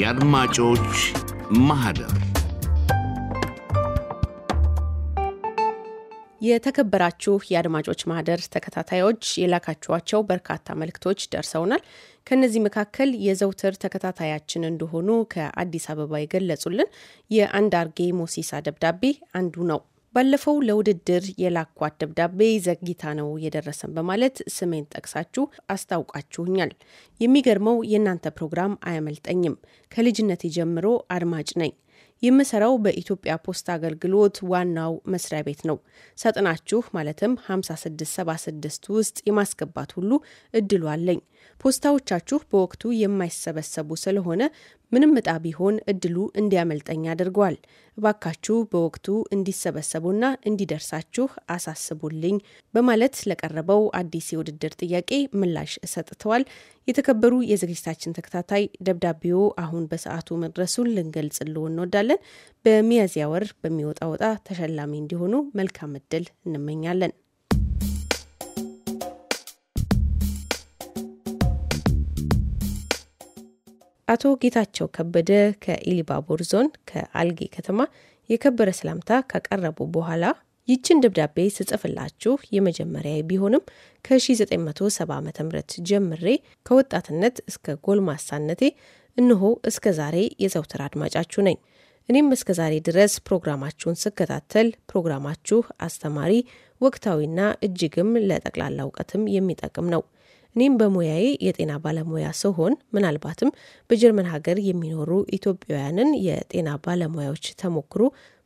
የአድማጮች ማህደር የተከበራችሁ የአድማጮች ማህደር ተከታታዮች የላካችኋቸው በርካታ መልክቶች ደርሰውናል። ከእነዚህ መካከል የዘውትር ተከታታያችን እንደሆኑ ከአዲስ አበባ የገለጹልን የአንዳርጌ ሞሲሳ ደብዳቤ አንዱ ነው። ባለፈው ለውድድር የላኳት ደብዳቤ ዘግይታ ነው የደረሰን በማለት ስሜን ጠቅሳችሁ አስታውቃችሁኛል። የሚገርመው የእናንተ ፕሮግራም አያመልጠኝም። ከልጅነቴ ጀምሮ አድማጭ ነኝ። የምሰራው በኢትዮጵያ ፖስታ አገልግሎት ዋናው መስሪያ ቤት ነው። ሰጥናችሁ ማለትም 5676 ውስጥ የማስገባት ሁሉ እድሉ አለኝ። ፖስታዎቻችሁ በወቅቱ የማይሰበሰቡ ስለሆነ ምንም እጣ ቢሆን እድሉ እንዲያመልጠኝ አድርጓል። እባካችሁ በወቅቱ እንዲሰበሰቡና እንዲደርሳችሁ አሳስቡልኝ በማለት ለቀረበው አዲስ የውድድር ጥያቄ ምላሽ ሰጥተዋል። የተከበሩ የዝግጅታችን ተከታታይ ደብዳቤው አሁን በሰዓቱ መድረሱን ልንገልጽልዎ እንወዳለን። በሚያዝያ ወር በሚወጣ ወጣ ተሸላሚ እንዲሆኑ መልካም እድል እንመኛለን። አቶ ጌታቸው ከበደ ከኢሊባቦር ዞን ከአልጌ ከተማ የከበረ ሰላምታ ካቀረቡ በኋላ ይችን ደብዳቤ ስጽፍላችሁ የመጀመሪያ ቢሆንም ከ1970 ዓ ም ጀምሬ ከወጣትነት እስከ ጎልማሳነቴ እንሆ እስከ ዛሬ የዘውትር አድማጫችሁ ነኝ። እኔም እስከ ዛሬ ድረስ ፕሮግራማችሁን ስከታተል ፕሮግራማችሁ አስተማሪ፣ ወቅታዊና እጅግም ለጠቅላላ እውቀትም የሚጠቅም ነው። እኔም በሙያዬ የጤና ባለሙያ ስሆን ምናልባትም በጀርመን ሀገር የሚኖሩ ኢትዮጵያውያንን የጤና ባለሙያዎች ተሞክሮ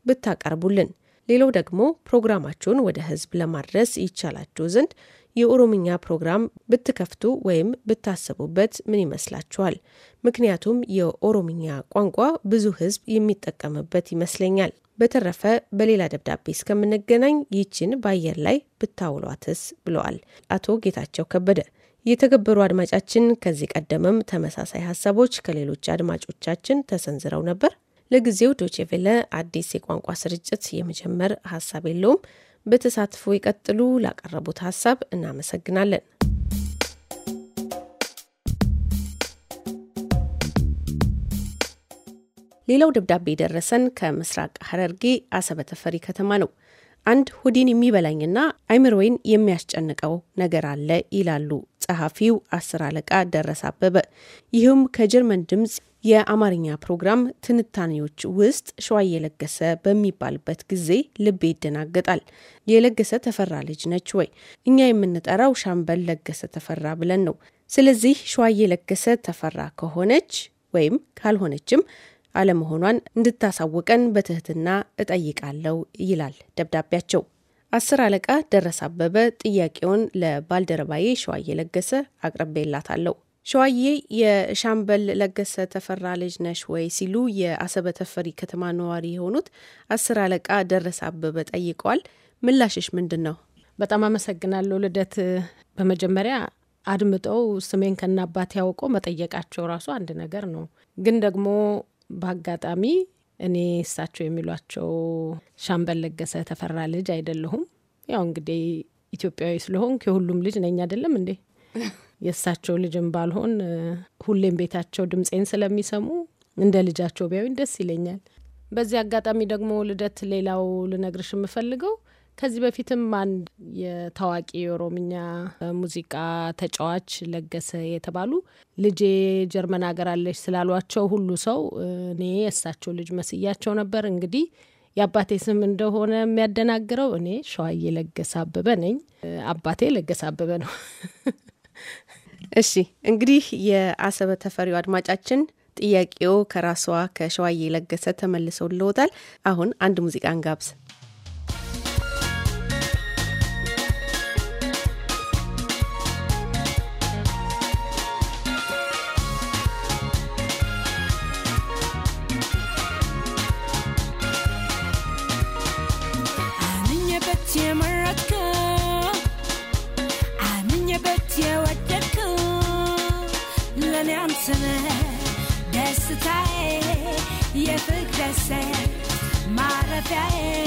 ብታቀርቡልን፣ ሌላው ደግሞ ፕሮግራማችሁን ወደ ህዝብ ለማድረስ ይቻላችሁ ዘንድ የኦሮምኛ ፕሮግራም ብትከፍቱ ወይም ብታስቡበት ምን ይመስላችኋል? ምክንያቱም የኦሮምኛ ቋንቋ ብዙ ህዝብ የሚጠቀምበት ይመስለኛል። በተረፈ በሌላ ደብዳቤ እስከምንገናኝ ይችን በአየር ላይ ብታውሏትስ ብለዋል አቶ ጌታቸው ከበደ። የተገበሩ አድማጫችን፣ ከዚህ ቀደምም ተመሳሳይ ሀሳቦች ከሌሎች አድማጮቻችን ተሰንዝረው ነበር። ለጊዜው ዶቼቬለ አዲስ የቋንቋ ስርጭት የመጀመር ሀሳብ የለውም። በተሳትፎ ይቀጥሉ። ላቀረቡት ሀሳብ እናመሰግናለን። ሌላው ደብዳቤ የደረሰን ከምስራቅ ሀረርጌ አሰበተፈሪ ከተማ ነው። አንድ ሆዴን የሚበላኝና አይምሮዬን የሚያስጨንቀው ነገር አለ ይላሉ ጸሐፊው አስር አለቃ ደረሰ አበበ። ይህም ከጀርመን ድምፅ የአማርኛ ፕሮግራም ትንታኔዎች ውስጥ ሸዋ የለገሰ በሚባልበት ጊዜ ልቤ ይደናገጣል። የለገሰ ተፈራ ልጅ ነች ወይ? እኛ የምንጠራው ሻምበል ለገሰ ተፈራ ብለን ነው። ስለዚህ ሸዋ የለገሰ ተፈራ ከሆነች ወይም ካልሆነችም አለመሆኗን እንድታሳውቀን በትህትና እጠይቃለሁ ይላል ደብዳቤያቸው። አስር አለቃ ደረሰ አበበ ጥያቄውን ለባልደረባዬ ሸዋዬ ለገሰ አቅርቤላታለሁ። ሸዋዬ የሻምበል ለገሰ ተፈራ ልጅ ነሽ ወይ ሲሉ የአሰበ ተፈሪ ከተማ ነዋሪ የሆኑት አስር አለቃ ደረሰ አበበ ጠይቀዋል። ምላሽሽ ምንድን ነው? በጣም አመሰግናለሁ ልደት። በመጀመሪያ አድምጠው ስሜን ከናባት ያውቀው መጠየቃቸው ራሱ አንድ ነገር ነው። ግን ደግሞ በአጋጣሚ እኔ እሳቸው የሚሏቸው ሻምበል ለገሰ ተፈራ ልጅ አይደለሁም። ያው እንግዲህ ኢትዮጵያዊ ስለሆንኩ የሁሉም ልጅ ነኝ አይደለም እንዴ? የእሳቸው ልጅም ባልሆን ሁሌም ቤታቸው ድምፄን ስለሚሰሙ እንደ ልጃቸው ቢያዊን ደስ ይለኛል። በዚህ አጋጣሚ ደግሞ ልደት፣ ሌላው ልነግርሽ የምፈልገው ከዚህ በፊትም አንድ የታዋቂ የኦሮምኛ ሙዚቃ ተጫዋች ለገሰ የተባሉ ልጄ ጀርመን ሀገር አለች ስላሏቸው ሁሉ ሰው እኔ የእሳቸው ልጅ መስያቸው ነበር። እንግዲህ የአባቴ ስም እንደሆነ የሚያደናግረው እኔ ሸዋዬ ለገሰ አበበ ነኝ። አባቴ ለገሰ አበበ ነው። እሺ እንግዲህ የአሰበ ተፈሪው አድማጫችን ጥያቄው ከራሷ ከሸዋዬ ለገሰ ተመልሰው ልወታል። አሁን አንድ ሙዚቃ እንጋብዝ። Yeah.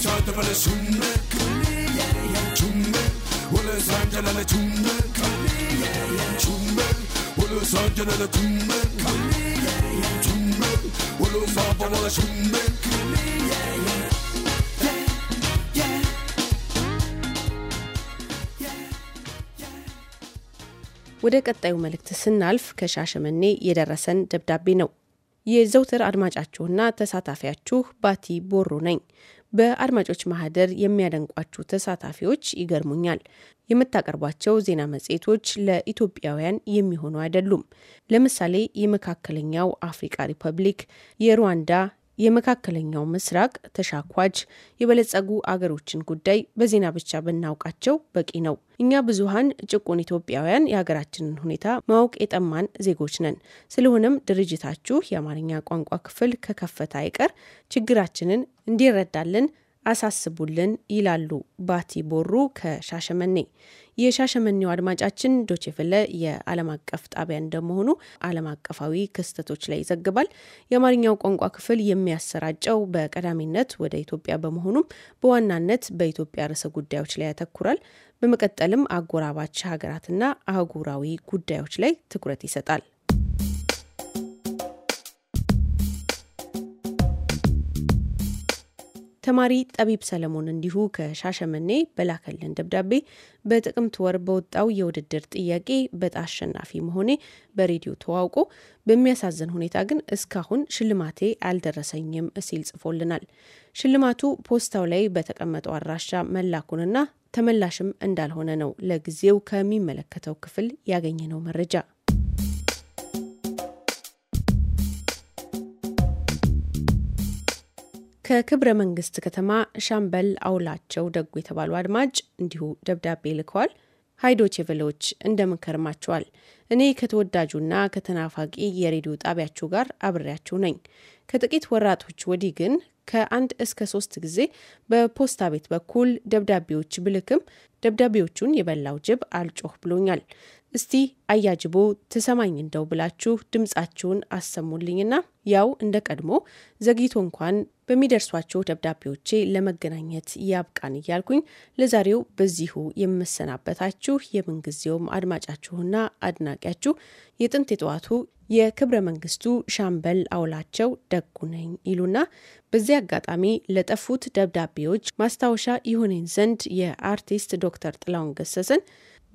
ወደ ቀጣዩ መልእክት ስናልፍ ከሻሸመኔ የደረሰን ደብዳቤ ነው። የዘውትር አድማጫችሁና ተሳታፊያችሁ ባቲ ቦሩ ነኝ። በአድማጮች ማህደር የሚያደንቋችሁ ተሳታፊዎች ይገርሙኛል። የምታቀርቧቸው ዜና መጽሔቶች ለኢትዮጵያውያን የሚሆኑ አይደሉም። ለምሳሌ የመካከለኛው አፍሪካ ሪፐብሊክ፣ የሩዋንዳ የመካከለኛው ምስራቅ ተሻኳጅ የበለጸጉ አገሮችን ጉዳይ በዜና ብቻ ብናውቃቸው በቂ ነው። እኛ ብዙሀን ጭቁን ኢትዮጵያውያን የሀገራችንን ሁኔታ ማወቅ የጠማን ዜጎች ነን። ስለሆነም ድርጅታችሁ የአማርኛ ቋንቋ ክፍል ከከፈተ አይቀር ችግራችንን እንዲረዳልን አሳስቡልን ይላሉ ባቲ ቦሩ ከሻሸመኔ። የሻሸመኔው አድማጫችን ዶቼፍለ የዓለም አቀፍ ጣቢያ እንደመሆኑ ዓለም አቀፋዊ ክስተቶች ላይ ይዘግባል። የአማርኛው ቋንቋ ክፍል የሚያሰራጨው በቀዳሚነት ወደ ኢትዮጵያ በመሆኑም በዋናነት በኢትዮጵያ ርዕሰ ጉዳዮች ላይ ያተኩራል። በመቀጠልም አጎራባች ሀገራትና አህጉራዊ ጉዳዮች ላይ ትኩረት ይሰጣል። ተማሪ ጠቢብ ሰለሞን እንዲሁ ከሻሸመኔ በላከልን ደብዳቤ በጥቅምት ወር በወጣው የውድድር ጥያቄ በዕጣ አሸናፊ መሆኔ በሬዲዮ ተዋውቆ በሚያሳዝን ሁኔታ ግን እስካሁን ሽልማቴ አልደረሰኝም ሲል ጽፎልናል። ሽልማቱ ፖስታው ላይ በተቀመጠው አድራሻ መላኩንና ተመላሽም እንዳልሆነ ነው ለጊዜው ከሚመለከተው ክፍል ያገኘነው መረጃ። ከክብረ መንግስት ከተማ ሻምበል አውላቸው ደጉ የተባሉ አድማጭ እንዲሁ ደብዳቤ ልከዋል። ሀይዶች የበለዎች እንደምንከርማችኋል። እኔ ከተወዳጁና ከተናፋቂ የሬዲዮ ጣቢያችሁ ጋር አብሬያችሁ ነኝ። ከጥቂት ወራቶች ወዲህ ግን ከአንድ እስከ ሶስት ጊዜ በፖስታ ቤት በኩል ደብዳቤዎች ብልክም ደብዳቤዎቹን የበላው ጅብ አልጮህ ብሎኛል። እስቲ አያጅቦ ትሰማኝ እንደው ብላችሁ ድምጻችሁን አሰሙልኝና ያው እንደ ቀድሞ ዘግይቶ እንኳን በሚደርሷቸው ደብዳቤዎቼ ለመገናኘት ያብቃን እያልኩኝ ለዛሬው በዚሁ የምሰናበታችሁ የምንጊዜውም አድማጫችሁና አድናቂያችሁ የጥንት የጠዋቱ የክብረ መንግስቱ ሻምበል አውላቸው ደጉ ነኝ ይሉና በዚህ አጋጣሚ ለጠፉት ደብዳቤዎች ማስታወሻ ይሁነኝ ዘንድ የአርቲስት ዶክተር ጥላውን ገሰሰን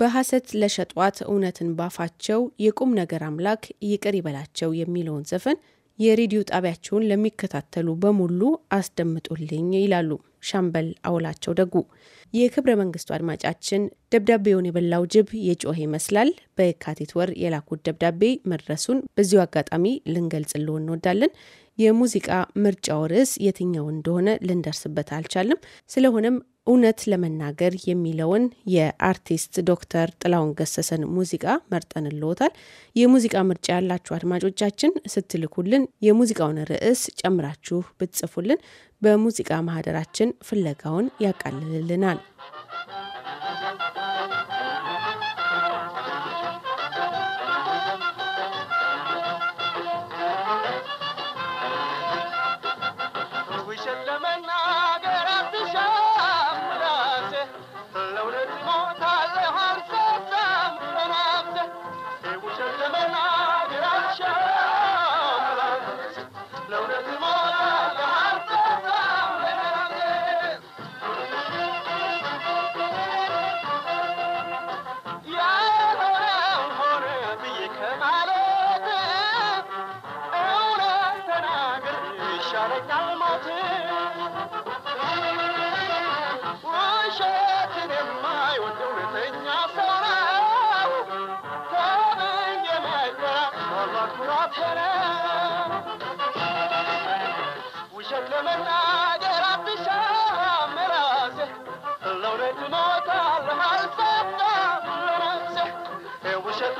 በሐሰት ለሸጧት እውነትን ባፋቸው የቁም ነገር አምላክ ይቅር ይበላቸው የሚለውን ዘፈን የሬዲዮ ጣቢያቸውን ለሚከታተሉ በሙሉ አስደምጡልኝ ይላሉ ሻምበል አውላቸው ደጉ። የክብረ መንግስቱ አድማጫችን ደብዳቤውን የበላው ጅብ የጮኸ ይመስላል በየካቲት ወር የላኩት ደብዳቤ መድረሱን በዚሁ አጋጣሚ ልንገልጽልዎ እንወዳለን። የሙዚቃ ምርጫው ርዕስ የትኛው እንደሆነ ልንደርስበት አልቻለም። ስለሆነም እውነት ለመናገር የሚለውን የአርቲስት ዶክተር ጥላውን ገሰሰን ሙዚቃ መርጠን ልዎታል። የሙዚቃ ምርጫ ያላችሁ አድማጮቻችን ስትልኩልን የሙዚቃውን ርዕስ ጨምራችሁ ብትጽፉልን በሙዚቃ ማህደራችን ፍለጋውን ያቃልልልናል።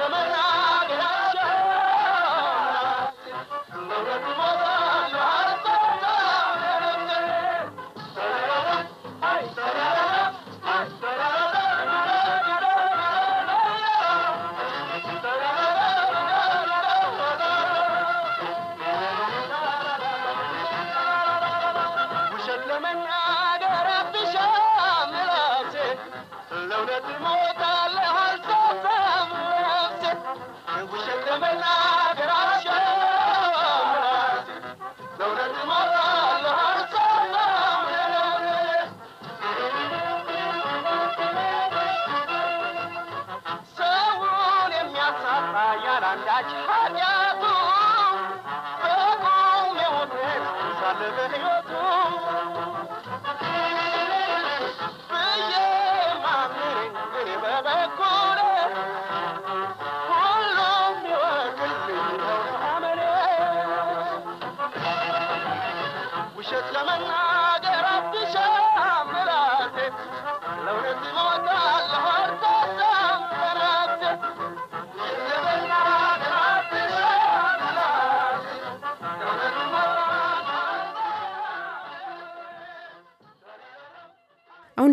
怎么了？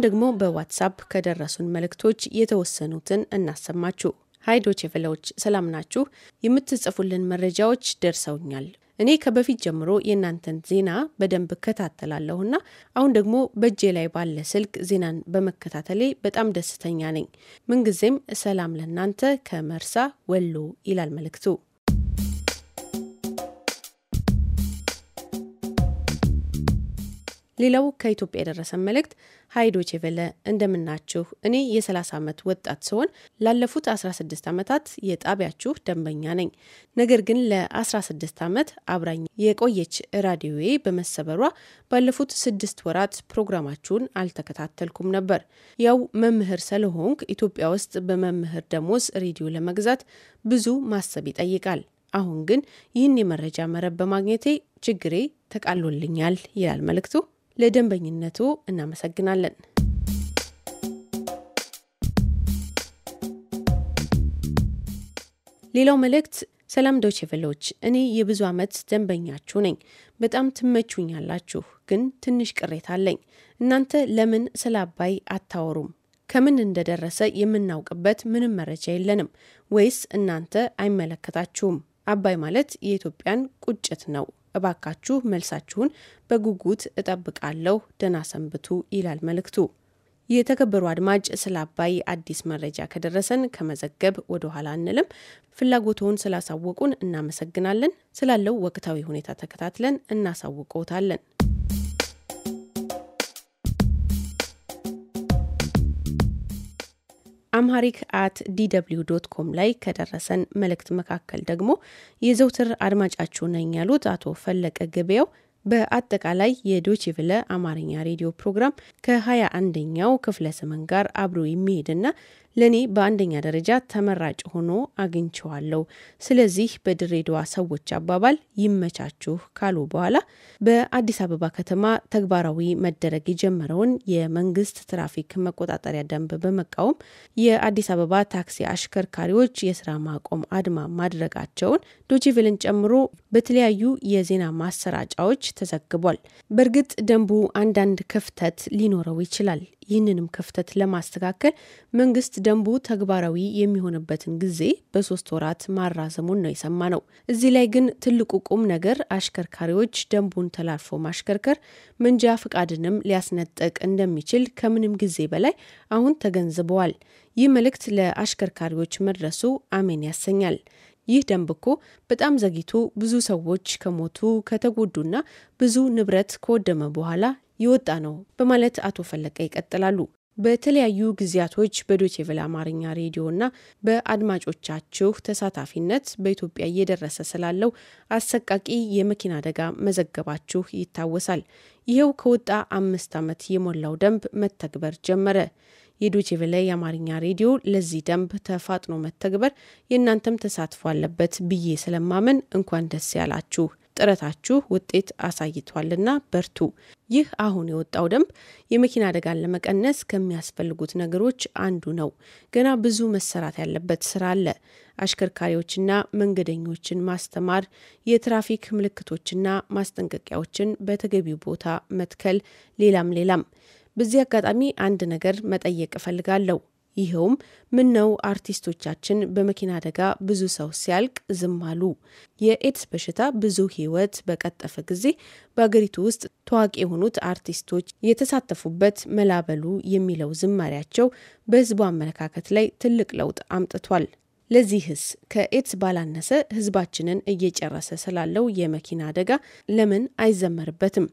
አሁን ደግሞ በዋትሳፕ ከደረሱን መልእክቶች የተወሰኑትን እናሰማችሁ። ሀይ ዶቼ ቬለዎች ሰላም ናችሁ? የምትጽፉልን መረጃዎች ደርሰውኛል። እኔ ከበፊት ጀምሮ የእናንተን ዜና በደንብ እከታተላለሁና አሁን ደግሞ በእጄ ላይ ባለ ስልክ ዜናን በመከታተሌ በጣም ደስተኛ ነኝ። ምንጊዜም ሰላም ለእናንተ ከመርሳ ወሎ ይላል መልእክቱ። ሌላው ከኢትዮጵያ የደረሰን መልእክት ሀይዶች የበለ እንደምናችሁ እኔ የ30 ዓመት ወጣት ሲሆን ላለፉት 16 ዓመታት የጣቢያችሁ ደንበኛ ነኝ። ነገር ግን ለ16 ዓመት አብራኝ የቆየች ራዲዮዬ በመሰበሯ ባለፉት ስድስት ወራት ፕሮግራማችሁን አልተከታተልኩም ነበር። ያው መምህር ስለሆንክ ኢትዮጵያ ውስጥ በመምህር ደሞዝ ሬዲዮ ለመግዛት ብዙ ማሰብ ይጠይቃል። አሁን ግን ይህን የመረጃ መረብ በማግኘቴ ችግሬ ተቃሎልኛል ይላል መልእክቱ። ለደንበኝነቱ እናመሰግናለን። ሌላው መልእክት ሰላም ዶቼ ቬለዎች፣ እኔ የብዙ ዓመት ደንበኛችሁ ነኝ። በጣም ትመቹኛላችሁ፣ ግን ትንሽ ቅሬታ አለኝ። እናንተ ለምን ስለ አባይ አታወሩም? ከምን እንደደረሰ የምናውቅበት ምንም መረጃ የለንም። ወይስ እናንተ አይመለከታችሁም? አባይ ማለት የኢትዮጵያን ቁጭት ነው እባካችሁ መልሳችሁን በጉጉት እጠብቃለሁ። ደህና ሰንብቱ ይላል መልእክቱ። የተከበሩ አድማጭ ስለ አባይ አዲስ መረጃ ከደረሰን ከመዘገብ ወደ ኋላ አንልም። ፍላጎትውን ስላሳወቁን እናመሰግናለን። ስላለው ወቅታዊ ሁኔታ ተከታትለን እናሳውቀውታለን። አምሃሪክ አት ዲደብሊው ዶት ኮም ላይ ከደረሰን መልእክት መካከል ደግሞ የዘውትር አድማጫችሁ ነኝ ያሉት አቶ ፈለቀ ገበያው በአጠቃላይ የዶችቭለ አማርኛ ሬዲዮ ፕሮግራም ከ21ኛው ክፍለ ዘመን ጋር አብሮ የሚሄድና ለእኔ በአንደኛ ደረጃ ተመራጭ ሆኖ አግኝቸዋለሁ። ስለዚህ በድሬዳዋ ሰዎች አባባል ይመቻችሁ ካሉ በኋላ በአዲስ አበባ ከተማ ተግባራዊ መደረግ የጀመረውን የመንግስት ትራፊክ መቆጣጠሪያ ደንብ በመቃወም የአዲስ አበባ ታክሲ አሽከርካሪዎች የስራ ማቆም አድማ ማድረጋቸውን ዶችቪልን ጨምሮ በተለያዩ የዜና ማሰራጫዎች ተዘግቧል። በእርግጥ ደንቡ አንዳንድ ክፍተት ሊኖረው ይችላል። ይህንንም ክፍተት ለማስተካከል መንግስት ደንቡ ተግባራዊ የሚሆንበትን ጊዜ በሶስት ወራት ማራዘሙን ነው የሰማ ነው። እዚህ ላይ ግን ትልቁ ቁም ነገር አሽከርካሪዎች ደንቡን ተላልፎ ማሽከርከር መንጃ ፈቃድንም ሊያስነጠቅ እንደሚችል ከምንም ጊዜ በላይ አሁን ተገንዝበዋል። ይህ መልእክት ለአሽከርካሪዎች መድረሱ አሜን ያሰኛል። ይህ ደንብ እኮ በጣም ዘግይቶ ብዙ ሰዎች ከሞቱ ከተጎዱና ብዙ ንብረት ከወደመ በኋላ የወጣ ነው በማለት አቶ ፈለቀ ይቀጥላሉ። በተለያዩ ጊዜያቶች በዶቼቬለ አማርኛ እና በአድማጮቻችሁ ተሳታፊነት በኢትዮጵያ እየደረሰ ስላለው አሰቃቂ የመኪና አደጋ መዘገባችሁ ይታወሳል። ይኸው ከወጣ አምስት ዓመት የሞላው ደንብ መተግበር ጀመረ። የዶቼቬለ የአማርኛ ሬዲዮ ለዚህ ደንብ ተፋጥኖ መተግበር የእናንተም ተሳትፎ አለበት ብዬ ስለማመን እንኳን ደስ ያላችሁ ጥረታችሁ ውጤት አሳይቷልና በርቱ። ይህ አሁን የወጣው ደንብ የመኪና አደጋን ለመቀነስ ከሚያስፈልጉት ነገሮች አንዱ ነው። ገና ብዙ መሰራት ያለበት ስራ አለ። አሽከርካሪዎችና መንገደኞችን ማስተማር፣ የትራፊክ ምልክቶችና ማስጠንቀቂያዎችን በተገቢው ቦታ መትከል፣ ሌላም ሌላም። በዚህ አጋጣሚ አንድ ነገር መጠየቅ እፈልጋለሁ። ይኸውም ምነው አርቲስቶቻችን በመኪና አደጋ ብዙ ሰው ሲያልቅ ዝም አሉ። የኤድስ በሽታ ብዙ ሕይወት በቀጠፈ ጊዜ በአገሪቱ ውስጥ ታዋቂ የሆኑት አርቲስቶች የተሳተፉበት መላበሉ የሚለው ዝማሪያቸው በሕዝቡ አመለካከት ላይ ትልቅ ለውጥ አምጥቷል። ለዚህስ ከኤድስ ባላነሰ ህዝባችንን እየጨረሰ ስላለው የመኪና አደጋ ለምን አይዘመርበትም?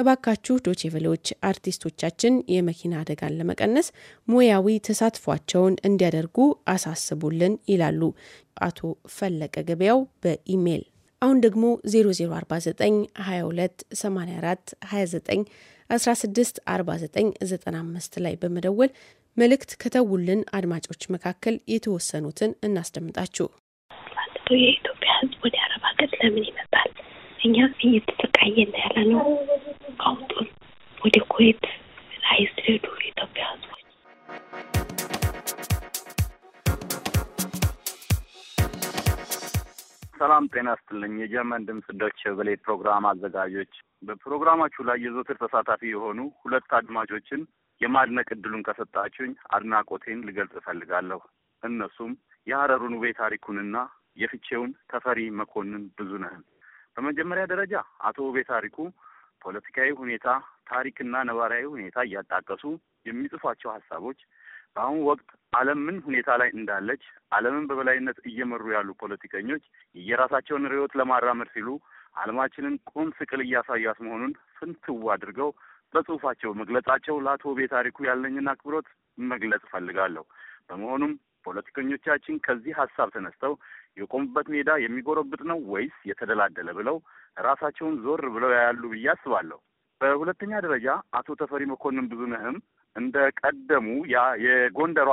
እባካችሁ ዶቼቬሌዎች፣ አርቲስቶቻችን የመኪና አደጋን ለመቀነስ ሙያዊ ተሳትፏቸውን እንዲያደርጉ አሳስቡልን ይላሉ አቶ ፈለቀ ገበያው በኢሜይል። አሁን ደግሞ 0049 22 84 29 16 49 95 ላይ በመደወል መልእክት ከተውልን አድማጮች መካከል የተወሰኑትን እናስደምጣችሁ። የኢትዮጵያ ህዝብ ወደ አረብ ሀገር ለምን ይመጣል? እኛ እየተሰቃየን ያለ ነው። አውጡን፣ ወደ ኩዌት አይስሄዱ የኢትዮጵያ ሕዝቦች ሰላም ጤና ስትልኝ የጀርመን ድምፅ ዶች በሌ ፕሮግራም አዘጋጆች በፕሮግራማችሁ ላይ የዘወትር ተሳታፊ የሆኑ ሁለት አድማጮችን የማድነቅ እድሉን ከሰጣችሁኝ አድናቆቴን ልገልጽ እፈልጋለሁ። እነሱም የሀረሩን ውቤ ታሪኩንና የፍቼውን ተፈሪ መኮንን ብዙ ነህን በመጀመሪያ ደረጃ አቶ ውቤ ታሪኩ ፖለቲካዊ ሁኔታ፣ ታሪክና ነባራዊ ሁኔታ እያጣቀሱ የሚጽፏቸው ሀሳቦች በአሁኑ ወቅት ዓለም ምን ሁኔታ ላይ እንዳለች፣ ዓለምን በበላይነት እየመሩ ያሉ ፖለቲከኞች የየራሳቸውን ርዕዮት ለማራመድ ሲሉ ዓለማችንን ቁም ስቅል እያሳያት መሆኑን ፍንትው አድርገው በጽሁፋቸው መግለጻቸው ለአቶ ቤ ታሪኩ ያለኝን አክብሮት መግለጽ እፈልጋለሁ። በመሆኑም ፖለቲከኞቻችን ከዚህ ሀሳብ ተነስተው የቆሙበት ሜዳ የሚጎረብጥ ነው ወይስ የተደላደለ ብለው ራሳቸውን ዞር ብለው ያያሉ ብዬ አስባለሁ። በሁለተኛ ደረጃ አቶ ተፈሪ መኮንን ብዙነህም እንደ ቀደሙ ያ የጎንደሯ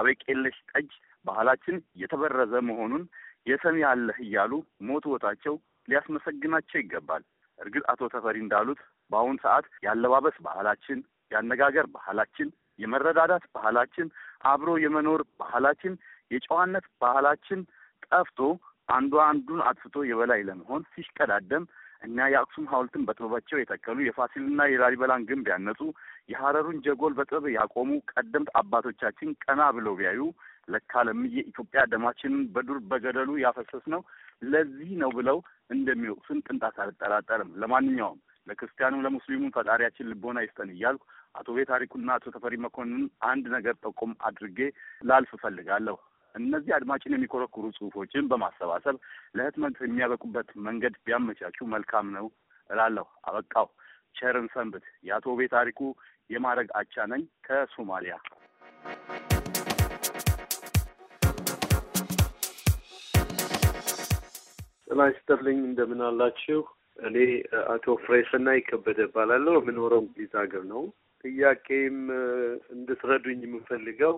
አበቄለሽ ጠጅ ባህላችን የተበረዘ መሆኑን የሰሚ አለህ እያሉ ሞት ቦታቸው ሊያስመሰግናቸው ይገባል። እርግጥ አቶ ተፈሪ እንዳሉት በአሁኑ ሰዓት ያለባበስ ባህላችን፣ ያነጋገር ባህላችን፣ የመረዳዳት ባህላችን፣ አብሮ የመኖር ባህላችን፣ የጨዋነት ባህላችን ጠፍቶ አንዱ አንዱን አጥፍቶ የበላይ ለመሆን ሲሽቀዳደም እና የአክሱም ሐውልትን በጥበባቸው የተከሉ የፋሲልና የላሊበላን ግንብ ያነጹ የሐረሩን ጀጎል በጥበብ ያቆሙ ቀደምት አባቶቻችን ቀና ብለው ቢያዩ ለካ ለምዬ ኢትዮጵያ ደማችንን በዱር በገደሉ ያፈሰስ ነው ለዚህ ነው ብለው እንደሚወቅሱን ጥንጣት አልጠራጠርም። ለማንኛውም ለክርስቲያኑም ለሙስሊሙም ፈጣሪያችን ልቦና ይስጠን እያልኩ አቶ ቤ ታሪኩና አቶ ተፈሪ መኮንን አንድ ነገር ጠቁም አድርጌ ላልፍ እፈልጋለሁ። እነዚህ አድማጭን የሚኮረኩሩ ጽሁፎችን በማሰባሰብ ለህትመት የሚያበቁበት መንገድ ቢያመቻቹ መልካም ነው እላለሁ። አበቃው። ቸርን ሰንብት። የአቶ ቤ ታሪኩ የማድረግ አቻ ነኝ ከሶማሊያ። ጤና ይስጥልኝ። እንደምን አላችሁ? እኔ አቶ ፍሬስና ይከበደ እባላለሁ። የምኖረው እንግሊዝ ሀገር ነው። ጥያቄም እንድትረዱኝ የምፈልገው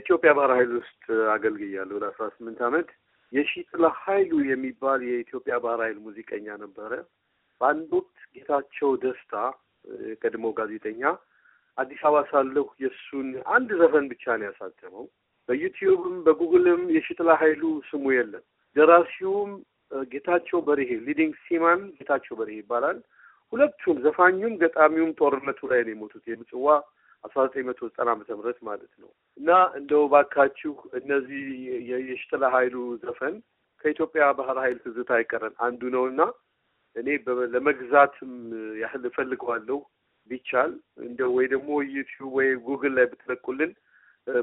ኢትዮጵያ ባህር ኃይል ውስጥ አገልግያለሁ ለአስራ ስምንት ዓመት። የሺጥለ ኃይሉ የሚባል የኢትዮጵያ ባህር ኃይል ሙዚቀኛ ነበረ። በአንድ ወቅት ጌታቸው ደስታ የቀድሞ ጋዜጠኛ አዲስ አበባ ሳለሁ የእሱን አንድ ዘፈን ብቻ ነው ያሳተመው። በዩቲዩብም በጉግልም የሺጥለ ኃይሉ ስሙ የለም። ደራሲውም ጌታቸው በርሄ ሊዲንግ ሲማን ጌታቸው በርሄ ይባላል። ሁለቱም ዘፋኙም ገጣሚውም ጦርነቱ ላይ ነው የሞቱት የምጽዋ አስራ ዘጠኝ መቶ ዘጠና ዓመተ ምህረት ማለት ነው እና እንደው ባካችሁ እነዚህ የሽጥላ ኃይሉ ዘፈን ከኢትዮጵያ ባህር ኃይል ትዝታ አይቀረን አንዱ ነው እና እኔ ለመግዛትም ያህል እፈልገዋለሁ ቢቻል እንደ ወይ ደግሞ ዩቲዩብ ወይ ጉግል ላይ ብትለቁልን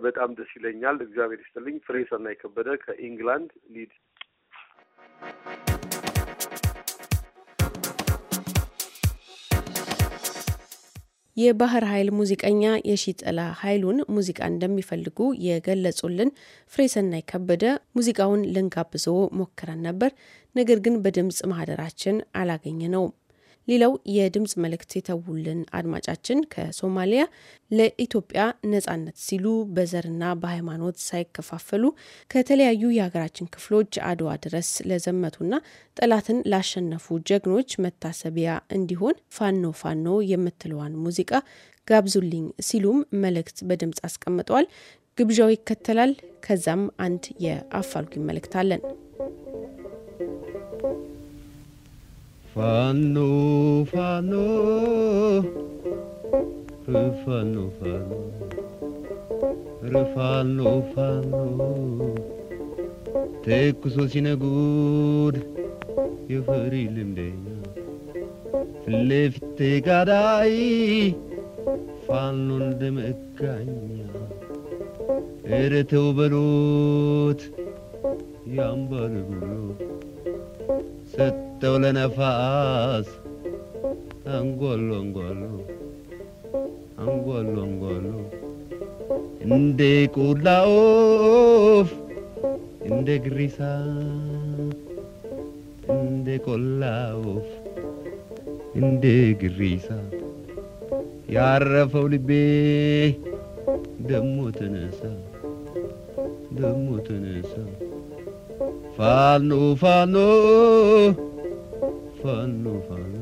በጣም ደስ ይለኛል። እግዚአብሔር ይስጥልኝ። ፍሬ ሰናይ ከበደ ከኢንግላንድ ሊድ የባህር ኃይል ሙዚቀኛ የሺጥላ ኃይሉን ሙዚቃ እንደሚፈልጉ የገለጹልን ፍሬሰናይ ከበደ ሙዚቃውን ልንጋብዞ ሞክረን ነበር፣ ነገር ግን በድምፅ ማህደራችን አላገኘ ነው። ሌላው የድምፅ መልእክት የተውልን አድማጫችን ከሶማሊያ ለኢትዮጵያ ነጻነት ሲሉ በዘርና በሃይማኖት ሳይከፋፈሉ ከተለያዩ የሀገራችን ክፍሎች አድዋ ድረስ ለዘመቱና ጠላትን ላሸነፉ ጀግኖች መታሰቢያ እንዲሆን ፋኖ ፋኖ የምትለዋን ሙዚቃ ጋብዙልኝ ሲሉም መልእክት በድምፅ አስቀምጠዋል። ግብዣው ይከተላል። ከዛም አንድ የአፋልጉኝ መልእክት አለን። Fano, fano, refano, fano, refano, fano. susine sinagud, yofari limdena. Flefte kaday, fano demekanya. Eretew berut, yambar gulu. Set ተው ለነፋስ አንጎሎ እንጎሎ አንጎሎ እንደ ቁላ ወፍ እንደ ግሪሳ እንደ ቆላ እንደ ግሪሳ ያረፈው ልቤ ደሞ ተነሳ ደሞ ተነሳ ፋኖ ፋኖ ፋኖ ፋኖ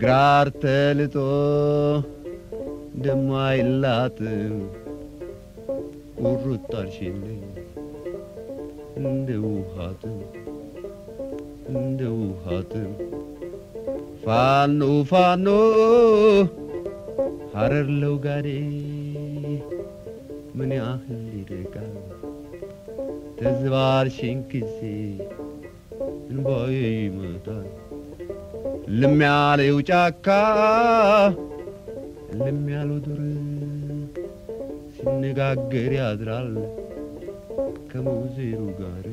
ግራር ተልጦ ደሞ አይላጥም ቁርጥ አልሽልኝ እንደ ውሃትም እንደ ውሃትም ፋኖ ፋኖ ሀረር ለውጋዴ ምን ያህል ይርቃል ተዝባርሽን ጊዜ እንባዬ ይመጣል። እልም ያለው ጫካ እልም ያለው ዱር ሲነጋገር ያድራል ከመውዜሩ ጋር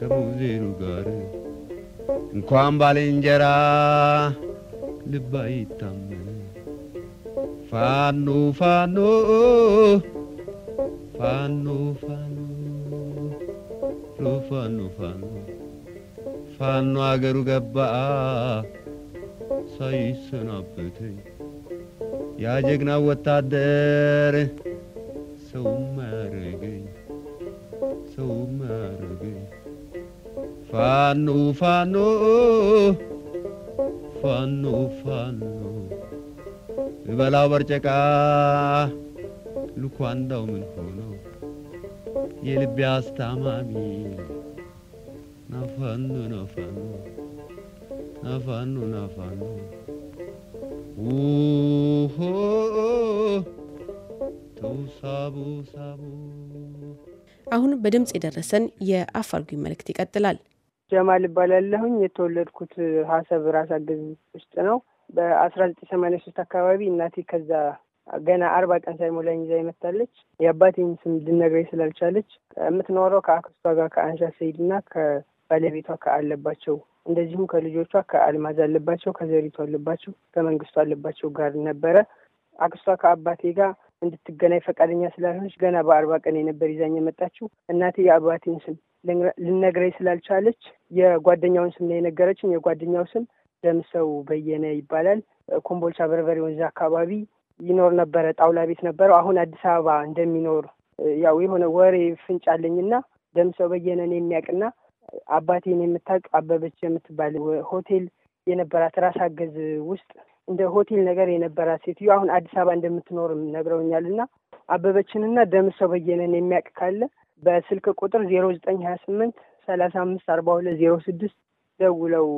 ከመውዜሩ ጋር እንኳን ባልንጀራ ልብ አይታመን ፋኖ ፋኖ ፋኖ ፋኖ ፋኖ ፋኖ ፋኖ አገሩ ገባ ሳይሰናበተኝ ያ ጀግና ወታደር ሰውም አረገኝ ሰው አረገኝ ፋኖ ፋኖ ፋኖ ፋኖ እበላው በርጨቃ ልኳንዳው ምን ሆኖ የልቤ አስታማሚ nafanno nafanno nafanno nafanno ውሆ ተውሳቡ ሳቡ አሁን በድምፅ የደረሰን የአፋልጉኝ መልእክት ይቀጥላል። ጀማል እባላለሁኝ። የተወለድኩት ሀሰብ ራስ አገዝ ውስጥ ነው። በአስራ ዘጠኝ ሰማኒያ ሶስት አካባቢ እናቴ ከዛ ገና አርባ ቀን ሳይሞላኝ ይዛ ይመታለች። የአባቴን ስም ልነግረኝ ስላልቻለች የምትኖረው ከአክስቷ ጋር ከአንሻ ሰይድ ና ባለቤቷ ከአለባቸው እንደዚሁም ከልጆቿ ከአልማዝ አለባቸው፣ ከዘሪቱ አለባቸው፣ ከመንግስቱ አለባቸው ጋር ነበረ። አክስቷ ከአባቴ ጋር እንድትገናኝ ፈቃደኛ ስላልሆነች ገና በአርባ ቀን የነበር ይዛኝ የመጣችው እናቴ የአባቴን ስም ልነግረኝ ስላልቻለች የጓደኛውን ስም ነው የነገረችኝ። የጓደኛው ስም ደምሰው በየነ ይባላል። ኮምቦልቻ በርበሬ ወንዝ አካባቢ ይኖር ነበረ። ጣውላ ቤት ነበረው። አሁን አዲስ አበባ እንደሚኖር ያው የሆነ ወሬ ፍንጭ አለኝና ደምሰው በየነን የሚያውቅና አባቴን የምታውቅ አበበች የምትባል ሆቴል የነበራት ራስ አገዝ ውስጥ እንደ ሆቴል ነገር የነበራት ሴትዮ አሁን አዲስ አበባ እንደምትኖርም ነግረውኛል። እና አበበችንና ደምሰው በየነን የሚያውቅ ካለ በስልክ ቁጥር ዜሮ ዘጠኝ ሀያ ስምንት ሰላሳ አምስት አርባ ሁለት ዜሮ ስድስት ደውለው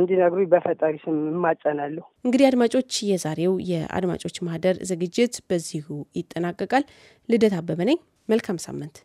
እንዲነግሩኝ በፈጣሪ ስም እማጸናለሁ። እንግዲህ አድማጮች፣ የዛሬው የአድማጮች ማህደር ዝግጅት በዚሁ ይጠናቀቃል። ልደት አበበ ነኝ። መልካም ሳምንት።